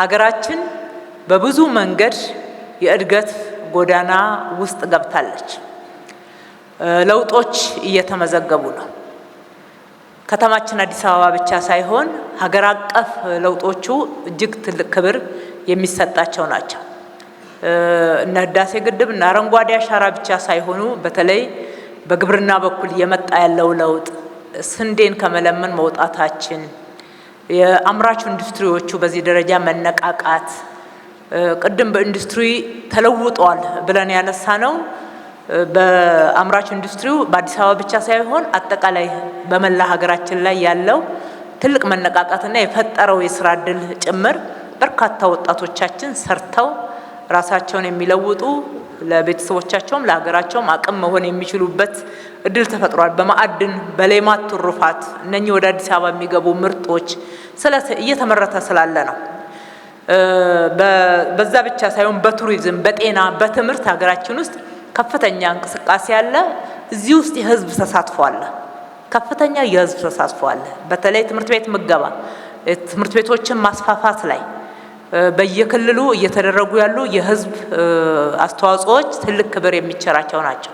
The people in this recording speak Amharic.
ሀገራችን በብዙ መንገድ የእድገት ጎዳና ውስጥ ገብታለች። ለውጦች እየተመዘገቡ ነው። ከተማችን አዲስ አበባ ብቻ ሳይሆን ሀገር አቀፍ ለውጦቹ እጅግ ትልቅ ክብር የሚሰጣቸው ናቸው። እነ ህዳሴ ግድብ እና አረንጓዴ አሻራ ብቻ ሳይሆኑ በተለይ በግብርና በኩል እየመጣ ያለው ለውጥ ስንዴን ከመለመን መውጣታችን የአምራች ኢንዱስትሪዎቹ በዚህ ደረጃ መነቃቃት ቅድም በኢንዱስትሪ ተለውጧል ብለን ያነሳ ነው። በአምራች ኢንዱስትሪው በአዲስ አበባ ብቻ ሳይሆን አጠቃላይ በመላ ሀገራችን ላይ ያለው ትልቅ መነቃቃትና የፈጠረው የስራ እድል ጭምር በርካታ ወጣቶቻችን ሰርተው ራሳቸውን የሚለውጡ ለቤተሰቦቻቸውም ለሀገራቸውም አቅም መሆን የሚችሉበት እድል ተፈጥሯል። በማዕድን በሌማት ትሩፋት እነኚህ ወደ አዲስ አበባ የሚገቡ ምርቶች እየተመረተ ስላለ ነው። በዛ ብቻ ሳይሆን በቱሪዝም፣ በጤና፣ በትምህርት ሀገራችን ውስጥ ከፍተኛ እንቅስቃሴ አለ። እዚህ ውስጥ የህዝብ ተሳትፎ አለ፣ ከፍተኛ የህዝብ ተሳትፎ አለ። በተለይ ትምህርት ቤት ምገባ፣ ትምህርት ቤቶችን ማስፋፋት ላይ በየክልሉ እየተደረጉ ያሉ የህዝብ አስተዋጽኦዎች ትልቅ ክብር የሚቸራቸው ናቸው።